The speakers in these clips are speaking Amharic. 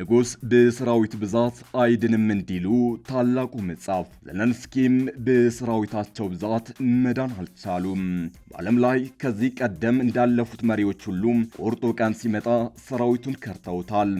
ንጉሥ በሰራዊት ብዛት አይድንም እንዲሉ ታላቁ መጽሐፍ። ዘለንስኪም በሰራዊታቸው ብዛት መዳን አልቻሉም። በዓለም ላይ ከዚህ ቀደም እንዳለፉት መሪዎች ሁሉም ቁርጡ ቀን ሲመጣ ሰራዊቱን ከርተውታል።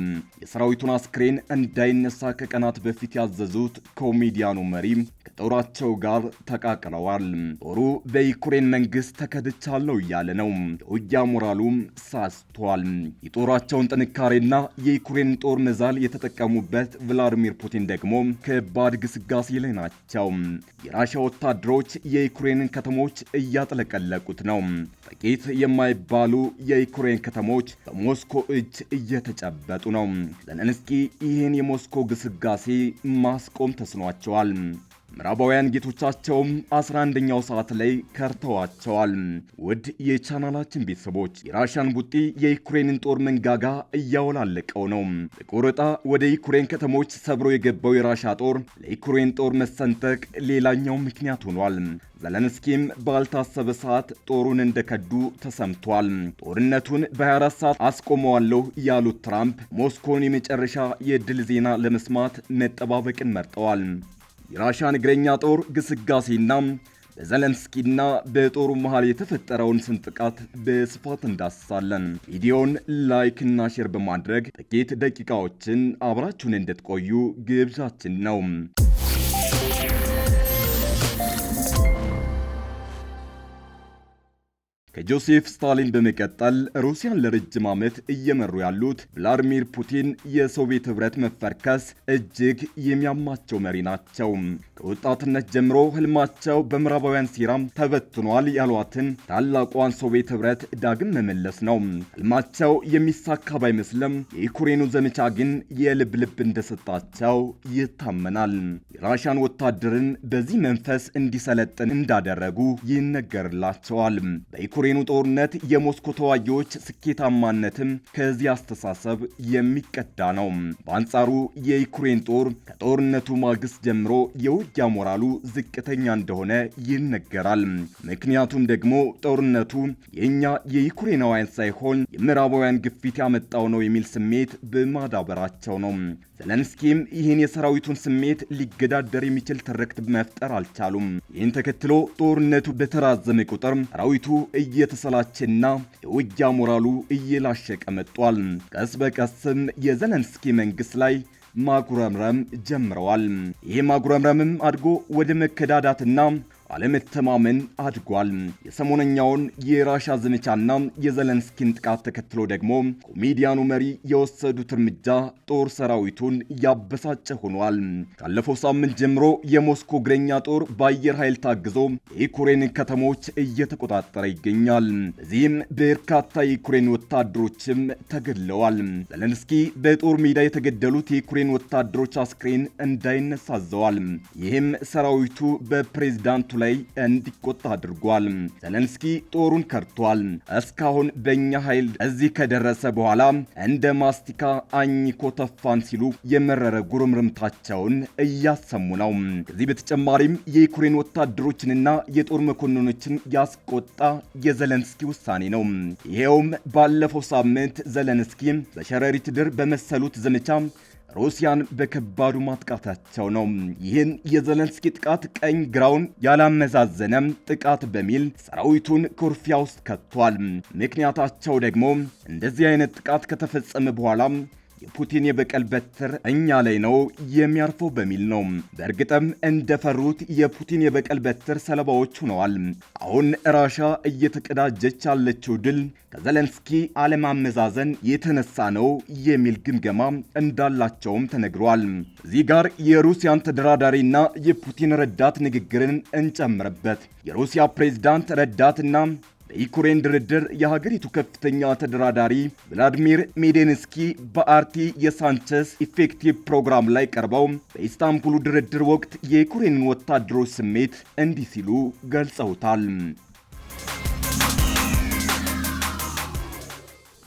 የሰራዊቱን አስክሬን እንዳይነሳ ከቀናት በፊት ያዘዙት ኮሜዲያኑ መሪ ከጦራቸው ጋር ተቃቅለዋል። ጦሩ በዩክሬን መንግስት ተከድቻለሁ እያለ ነው። የውጊያ ሞራሉም ሳስቷል። የጦራቸውን ጥንካሬና የዩክሬን ጦር ለመዛል የተጠቀሙበት ቭላዲሚር ፑቲን ደግሞ ከባድ ግስጋሴ ላይ ናቸው። የራሻ ወታደሮች የዩክሬንን ከተሞች እያጥለቀለቁት ነው። ጥቂት የማይባሉ የዩክሬን ከተሞች በሞስኮ እጅ እየተጨበጡ ነው። ዘለንስኪ ይህን የሞስኮ ግስጋሴ ማስቆም ተስኗቸዋል። ምዕራባውያን ጌቶቻቸውም አስራ አንደኛው ሰዓት ላይ ከርተዋቸዋል። ውድ የቻናላችን ቤተሰቦች የራሻን ቡጢ የዩክሬንን ጦር መንጋጋ እያወላለቀው ነው። ጥቁር ጣ ወደ ዩክሬን ከተሞች ሰብሮ የገባው የራሻ ጦር ለዩክሬን ጦር መሰንጠቅ ሌላኛው ምክንያት ሆኗል። ዘለንስኪም ባልታሰበ ሰዓት ጦሩን እንደከዱ ተሰምቷል። ጦርነቱን በ24 ሰዓት አስቆመዋለሁ ያሉት ትራምፕ ሞስኮን የመጨረሻ የድል ዜና ለመስማት መጠባበቅን መርጠዋል። የራሽያን እግረኛ ጦር ግስጋሴና በዘለንስኪና በጦሩ መሃል የተፈጠረውን ስንጥቃት በስፋት እንዳስሳለን። ቪዲዮውን ላይክ እና ሼር በማድረግ ጥቂት ደቂቃዎችን አብራችሁን እንድትቆዩ ግብዣችን ነው። ከጆሴፍ ስታሊን በመቀጠል ሩሲያን ለረጅም ዓመት እየመሩ ያሉት ቭላድሚር ፑቲን የሶቪየት ኅብረት መፈርከስ እጅግ የሚያማቸው መሪ ናቸው። ከወጣትነት ጀምሮ ህልማቸው በምዕራባውያን ሴራም ተበትኗል ያሏትን ታላቋን ሶቪየት ኅብረት ዳግም መመለስ ነው። ህልማቸው የሚሳካ ባይመስልም የዩክሬኑ ዘመቻ ግን የልብ ልብ እንደሰጣቸው ይታመናል። የራሽያን ወታደርን በዚህ መንፈስ እንዲሰለጥን እንዳደረጉ ይነገርላቸዋል። የዩክሬኑ ጦርነት የሞስኮ ተዋጊዎች ስኬታማነትም ከዚህ አስተሳሰብ የሚቀዳ ነው። በአንጻሩ የዩክሬን ጦር ከጦርነቱ ማግስት ጀምሮ የውጊያ ሞራሉ ዝቅተኛ እንደሆነ ይነገራል። ምክንያቱም ደግሞ ጦርነቱ የእኛ የዩክሬናውያን ሳይሆን የምዕራባውያን ግፊት ያመጣው ነው የሚል ስሜት በማዳበራቸው ነው። ዘለንስኪም ይህን የሰራዊቱን ስሜት ሊገዳደር የሚችል ትርክት መፍጠር አልቻሉም። ይህን ተከትሎ ጦርነቱ በተራዘመ ቁጥር ሰራዊቱ እየተሰላቸና የውጊያ ሞራሉ እየላሸቀ መጥቷል። ቀስ በቀስም የዘለንስኪ መንግስት ላይ ማጉረምረም ጀምረዋል። ይህ ማጉረምረምም አድጎ ወደ መከዳዳትና አለመተማመን አድጓል። የሰሞነኛውን የራሻ ዘመቻና የዘለንስኪን ጥቃት ተከትሎ ደግሞ ኮሜዲያኑ መሪ የወሰዱት እርምጃ ጦር ሰራዊቱን ያበሳጨ ሆኗል። ካለፈው ሳምንት ጀምሮ የሞስኮ እግረኛ ጦር በአየር ኃይል ታግዞ የዩክሬን ከተሞች እየተቆጣጠረ ይገኛል። በዚህም በርካታ የዩክሬን ወታደሮችም ተገድለዋል። ዘለንስኪ በጦር ሜዳ የተገደሉት የዩክሬን ወታደሮች አስክሬን እንዳይነሳዘዋል። ይህም ሰራዊቱ በፕሬዝዳንቱ ላይ እንዲቆጣ አድርጓል። ዘለንስኪ ጦሩን ከርቷል። እስካሁን በእኛ ኃይል እዚህ ከደረሰ በኋላ እንደ ማስቲካ አኝኮ ተፋን ሲሉ የመረረ ጉርምርምታቸውን እያሰሙ ነው። ከዚህ በተጨማሪም የዩክሬን ወታደሮችንና የጦር መኮንኖችን ያስቆጣ የዘለንስኪ ውሳኔ ነው። ይኸውም ባለፈው ሳምንት ዘለንስኪ በሸረሪት ድር በመሰሉት ዘመቻ ሩሲያን በከባዱ ማጥቃታቸው ነው። ይህን የዘለንስኪ ጥቃት ቀኝ ግራውን ያላመዛዘነም ጥቃት በሚል ሰራዊቱን ኩርፊያ ውስጥ ከቷል። ምክንያታቸው ደግሞ እንደዚህ አይነት ጥቃት ከተፈጸመ በኋላ የፑቲን የበቀል በትር እኛ ላይ ነው የሚያርፈው በሚል ነው። በእርግጥም እንደፈሩት የፑቲን የበቀል በትር ሰለባዎች ሆነዋል። አሁን ራሻ እየተቀዳጀች ያለችው ድል ከዘለንስኪ አለማመዛዘን የተነሳ ነው የሚል ግምገማ እንዳላቸውም ተነግሯል። እዚህ ጋር የሩሲያን ተደራዳሪና የፑቲን ረዳት ንግግርን እንጨምርበት። የሩሲያ ፕሬዝዳንት ረዳትና በዩክሬን ድርድር የሀገሪቱ ከፍተኛ ተደራዳሪ ቭላድሚር ሜዴንስኪ በአርቲ የሳንቸስ ኢፌክቲቭ ፕሮግራም ላይ ቀርበው በኢስታንቡሉ ድርድር ወቅት የዩክሬንን ወታደሮች ስሜት እንዲህ ሲሉ ገልጸውታል።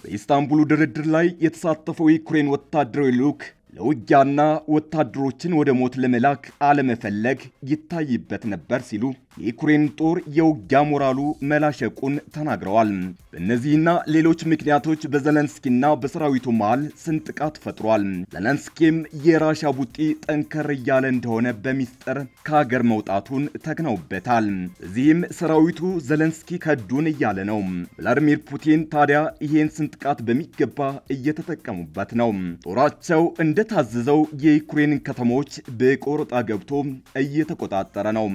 በኢስታንቡሉ ድርድር ላይ የተሳተፈው የዩክሬን ወታደራዊ ልዑክ ለውጊያና ወታደሮችን ወደ ሞት ለመላክ አለመፈለግ ይታይበት ነበር ሲሉ የዩክሬን ጦር የውጊያ ሞራሉ መላሸቁን ተናግረዋል። በእነዚህና ሌሎች ምክንያቶች በዘለንስኪና በሰራዊቱ መሃል ስንጥቃት ፈጥሯል። ዘለንስኪም የራሻ ቡጢ ጠንከር እያለ እንደሆነ በሚስጥር ከሀገር መውጣቱን ተክነውበታል። እዚህም ሰራዊቱ ዘለንስኪ ከዱን እያለ ነው። ቭላዲሚር ፑቲን ታዲያ ይሄን ስንጥቃት በሚገባ እየተጠቀሙበት ነው። ጦራቸው እንደታዘዘው የዩክሬን ከተሞች በቆረጣ ገብቶ እየተቆጣጠረ ነው።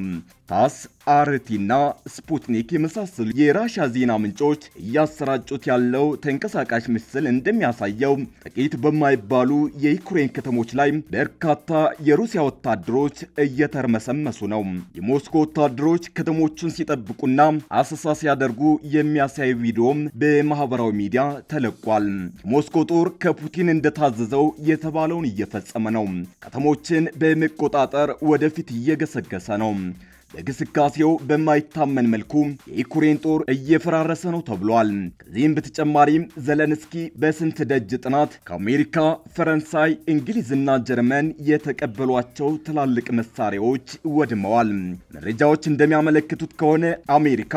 ታስ አርቲ እና ስፑትኒክ የመሳሰሉ የራሻ ዜና ምንጮች እያሰራጩት ያለው ተንቀሳቃሽ ምስል እንደሚያሳየው ጥቂት በማይባሉ የዩክሬን ከተሞች ላይ በርካታ የሩሲያ ወታደሮች እየተርመሰመሱ ነው። የሞስኮ ወታደሮች ከተሞቹን ሲጠብቁና አሰሳ ሲያደርጉ የሚያሳይ ቪዲዮም በማህበራዊ ሚዲያ ተለቋል። የሞስኮ ጦር ከፑቲን እንደታዘዘው የተባለውን እየፈጸመ ነው። ከተሞችን በመቆጣጠር ወደፊት እየገሰገሰ ነው። በግስጋሴው በማይታመን መልኩ የዩክሬን ጦር እየፈራረሰ ነው ተብሏል። ከዚህም በተጨማሪም ዘለንስኪ በስንት ደጅ ጥናት ከአሜሪካ፣ ፈረንሳይ፣ እንግሊዝና ጀርመን የተቀበሏቸው ትላልቅ መሳሪያዎች ወድመዋል። መረጃዎች እንደሚያመለክቱት ከሆነ አሜሪካ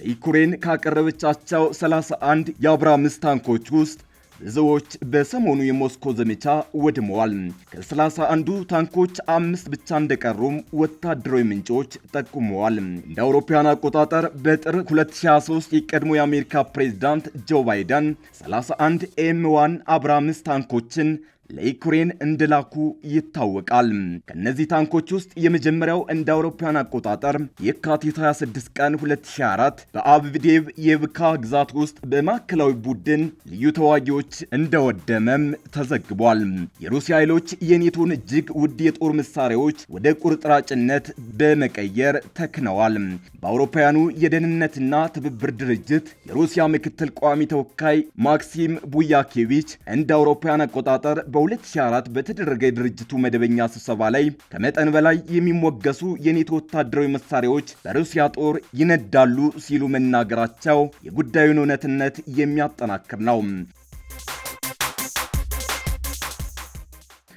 ለዩክሬን ካቀረበቻቸው 31 የአብራምስ ታንኮች ውስጥ ብዙዎች በሰሞኑ የሞስኮ ዘመቻ ወድመዋል። ከሰላሳ አንዱ ታንኮች አምስት ብቻ እንደቀሩም ወታደራዊ ምንጮች ጠቁመዋል። እንደ አውሮፓውያን አቆጣጠር በጥር 2023 የቀድሞ የአሜሪካ ፕሬዚዳንት ጆ ባይደን 31 ኤም1 አብራምስ ታንኮችን ለዩክሬን እንደላኩ ይታወቃል። ከእነዚህ ታንኮች ውስጥ የመጀመሪያው እንደ አውሮፓውያን አቆጣጠር የካቲት 26 ቀን 2024 በአብዴቭ የብካ ግዛት ውስጥ በማዕከላዊ ቡድን ልዩ ተዋጊዎች እንደወደመም ተዘግቧል። የሩሲያ ኃይሎች የኔቶን እጅግ ውድ የጦር መሳሪያዎች ወደ ቁርጥራጭነት በመቀየር ተክነዋል። በአውሮፓውያኑ የደህንነትና ትብብር ድርጅት የሩሲያ ምክትል ቋሚ ተወካይ ማክሲም ቡያኬቪች እንደ አውሮፓውያን አቆጣጠር በ2004 በተደረገ የድርጅቱ መደበኛ ስብሰባ ላይ ከመጠን በላይ የሚሞገሱ የኔቶ ወታደራዊ መሳሪያዎች በሩሲያ ጦር ይነዳሉ ሲሉ መናገራቸው የጉዳዩን እውነትነት የሚያጠናክር ነው።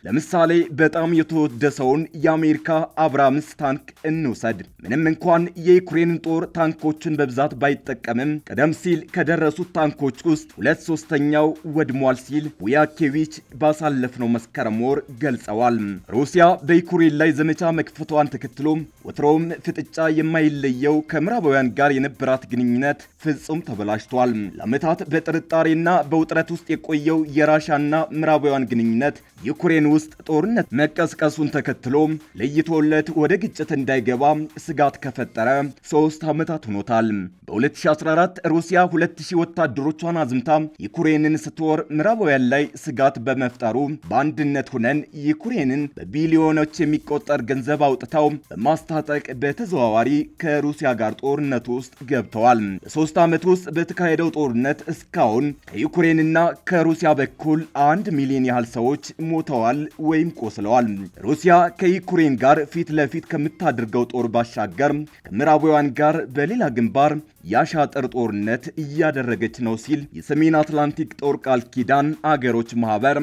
ለምሳሌ በጣም የተወደሰውን የአሜሪካ አብራምስ ታንክ እንውሰድ። ምንም እንኳን የዩክሬን ጦር ታንኮችን በብዛት ባይጠቀምም ቀደም ሲል ከደረሱት ታንኮች ውስጥ ሁለት ሶስተኛው ወድሟል ሲል ውያኬቪች ባሳለፍነው መስከረም ወር ገልጸዋል። ሩሲያ በዩክሬን ላይ ዘመቻ መክፈቷን ተከትሎ ወትሮውም ፍጥጫ የማይለየው ከምዕራባውያን ጋር የነበራት ግንኙነት ፍጹም ተበላሽቷል። ለዓመታት በጥርጣሬና በውጥረት ውስጥ የቆየው የራሻና ምዕራባውያን ግንኙነት ዩክሬን ውስጥ ጦርነት መቀስቀሱን ተከትሎ ለይቶለት ወደ ግጭት እንዳይገባ ስጋት ከፈጠረ ሶስት ዓመታት ሆኖታል። በ2014 ሩሲያ 2000 ወታደሮቿን አዝምታ ዩክሬንን ስትወር ምዕራባውያን ላይ ስጋት በመፍጠሩ በአንድነት ሆነን ዩክሬንን በቢሊዮኖች የሚቆጠር ገንዘብ አውጥተው በማስታጠቅ በተዘዋዋሪ ከሩሲያ ጋር ጦርነት ውስጥ ገብተዋል። በሶስት ዓመት ውስጥ በተካሄደው ጦርነት እስካሁን ከዩክሬንና ከሩሲያ በኩል አንድ ሚሊዮን ያህል ሰዎች ሞተዋል ተጎድተዋል ወይም ቆስለዋል። ሩሲያ ከዩክሬን ጋር ፊት ለፊት ከምታደርገው ጦር ባሻገር ከምዕራባውያን ጋር በሌላ ግንባር ያሻጠር ጦርነት እያደረገች ነው ሲል የሰሜን አትላንቲክ ጦር ቃል ኪዳን አገሮች ማህበር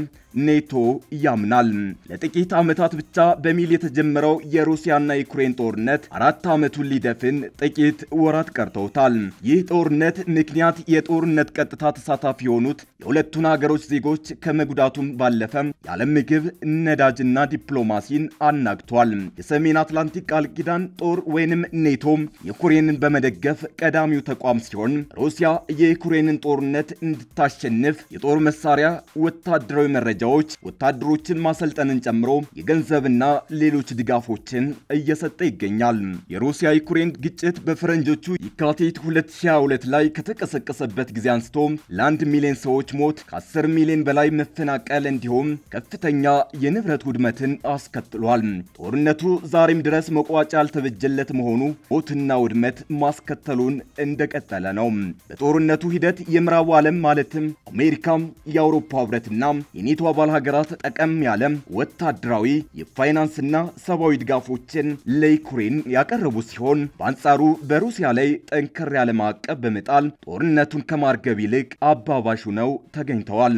ኔቶ ያምናል። ለጥቂት ዓመታት ብቻ በሚል የተጀመረው የሩሲያና የዩክሬን ጦርነት አራት ዓመቱን ሊደፍን ጥቂት ወራት ቀርተውታል። ይህ ጦርነት ምክንያት የጦርነት ቀጥታ ተሳታፊ የሆኑት የሁለቱን አገሮች ዜጎች ከመጉዳቱም ባለፈ የዓለም ምግብ፣ ነዳጅና ዲፕሎማሲን አናግቷል። የሰሜን አትላንቲክ ቃል ኪዳን ጦር ወይንም ኔቶ ዩክሬንን በመደገፍ ቀዳሚው ተቋም ሲሆን ሩሲያ የዩክሬንን ጦርነት እንድታሸንፍ የጦር መሳሪያ፣ ወታደራዊ መረጃ ደረጃዎች ወታደሮችን ማሰልጠንን ጨምሮ የገንዘብና ሌሎች ድጋፎችን እየሰጠ ይገኛል። የሩሲያ ዩክሬን ግጭት በፈረንጆቹ የካቲት 2022 ላይ ከተቀሰቀሰበት ጊዜ አንስቶ ለአንድ ሚሊዮን ሰዎች ሞት ከ10 ሚሊዮን በላይ መፈናቀል እንዲሁም ከፍተኛ የንብረት ውድመትን አስከትሏል። ጦርነቱ ዛሬም ድረስ መቋጫ ያልተበጀለት መሆኑ ሞትና ውድመት ማስከተሉን እንደቀጠለ ነው። በጦርነቱ ሂደት የምዕራቡ ዓለም ማለትም አሜሪካም፣ የአውሮፓ ህብረትና የኔቶ አባል ሀገራት ጠቀም ያለ ወታደራዊ የፋይናንስና ሰብአዊ ድጋፎችን ለዩክሬን ያቀረቡ ሲሆን በአንጻሩ በሩሲያ ላይ ጠንከር ያለ ማዕቀብ በመጣል ጦርነቱን ከማርገብ ይልቅ አባባሹ ነው ተገኝተዋል።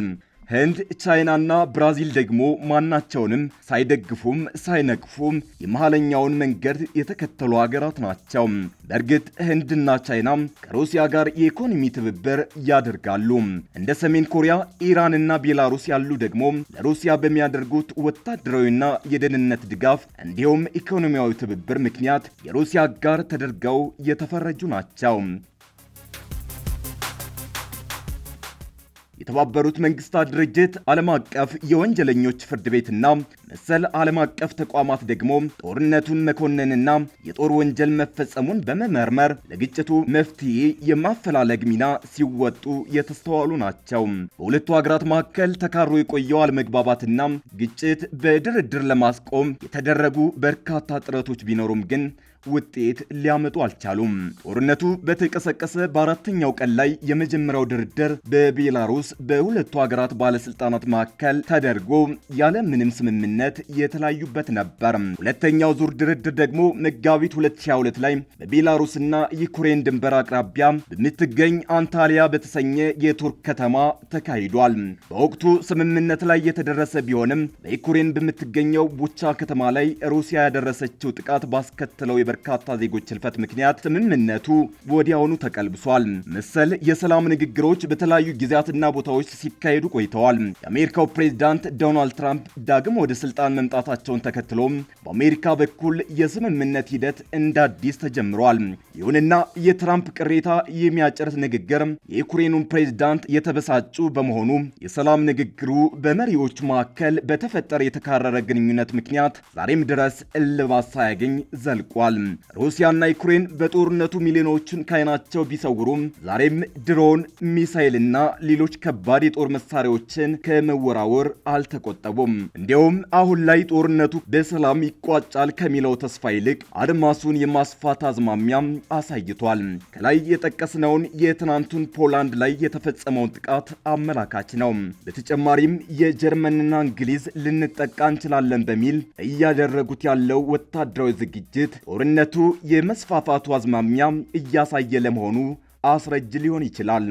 ህንድ፣ ቻይናና ብራዚል ደግሞ ማናቸውንም ሳይደግፉም ሳይነቅፉም የመሀለኛውን መንገድ የተከተሉ ሀገራት ናቸው። በእርግጥ ህንድና ቻይና ከሩሲያ ጋር የኢኮኖሚ ትብብር ያደርጋሉ። እንደ ሰሜን ኮሪያ፣ ኢራንና ቤላሩስ ያሉ ደግሞ ለሩሲያ በሚያደርጉት ወታደራዊና የደህንነት ድጋፍ እንዲሁም ኢኮኖሚያዊ ትብብር ምክንያት የሩሲያ ጋር ተደርገው የተፈረጁ ናቸው። የተባበሩት መንግስታት ድርጅት ዓለም አቀፍ የወንጀለኞች ፍርድ ቤትና መሰል ዓለም አቀፍ ተቋማት ደግሞ ጦርነቱን መኮንንና የጦር ወንጀል መፈጸሙን በመመርመር ለግጭቱ መፍትሄ የማፈላለግ ሚና ሲወጡ የተስተዋሉ ናቸው። በሁለቱ ሀገራት መካከል ተካሮ የቆየው አለመግባባትና ግጭት በድርድር ለማስቆም የተደረጉ በርካታ ጥረቶች ቢኖሩም ግን ውጤት ሊያመጡ አልቻሉም። ጦርነቱ በተቀሰቀሰ በአራተኛው ቀን ላይ የመጀመሪያው ድርድር በቤላሩስ በሁለቱ ሀገራት ባለስልጣናት መካከል ተደርጎ ያለ ምንም ስምምነት ስምምነት የተለያዩበት ነበር። ሁለተኛው ዙር ድርድር ደግሞ መጋቢት 2022 ላይ በቤላሩስና ዩክሬን ድንበር አቅራቢያ በምትገኝ አንታሊያ በተሰኘ የቱርክ ከተማ ተካሂዷል። በወቅቱ ስምምነት ላይ የተደረሰ ቢሆንም በዩክሬን በምትገኘው ቡቻ ከተማ ላይ ሩሲያ ያደረሰችው ጥቃት ባስከተለው የበርካታ ዜጎች ህልፈት ምክንያት ስምምነቱ ወዲያውኑ ተቀልብሷል። መሰል የሰላም ንግግሮች በተለያዩ ጊዜያትና ቦታዎች ሲካሄዱ ቆይተዋል። የአሜሪካው ፕሬዚዳንት ዶናልድ ትራምፕ ዳግም ወደ ስልጣን መምጣታቸውን ተከትሎም በአሜሪካ በኩል የስምምነት ሂደት እንደ አዲስ ተጀምሯል። ይሁንና የትራምፕ ቅሬታ የሚያጨርስ ንግግር የዩክሬኑን ፕሬዝዳንት የተበሳጩ በመሆኑ የሰላም ንግግሩ በመሪዎች መካከል በተፈጠረ የተካረረ ግንኙነት ምክንያት ዛሬም ድረስ እልባት ሳያገኝ ዘልቋል። ሩሲያና ዩክሬን በጦርነቱ ሚሊዮኖችን ካይናቸው ቢሰውሩም ዛሬም ድሮን፣ ሚሳይልና ሌሎች ከባድ የጦር መሳሪያዎችን ከመወራወር አልተቆጠቡም። እንዲያውም አሁን ላይ ጦርነቱ በሰላም ይቋጫል ከሚለው ተስፋ ይልቅ አድማሱን የማስፋት አዝማሚያም አሳይቷል። ከላይ የጠቀስነውን የትናንቱን ፖላንድ ላይ የተፈጸመውን ጥቃት አመላካች ነው። በተጨማሪም የጀርመንና እንግሊዝ ልንጠቃ እንችላለን በሚል እያደረጉት ያለው ወታደራዊ ዝግጅት ጦርነቱ የመስፋፋቱ አዝማሚያ እያሳየ ለመሆኑ አስረጅ ሊሆን ይችላል።